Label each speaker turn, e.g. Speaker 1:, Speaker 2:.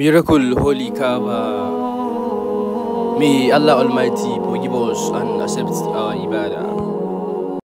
Speaker 1: Miracle Holy Kaaba. May Allah Almighty forgive us and accept our ibadah.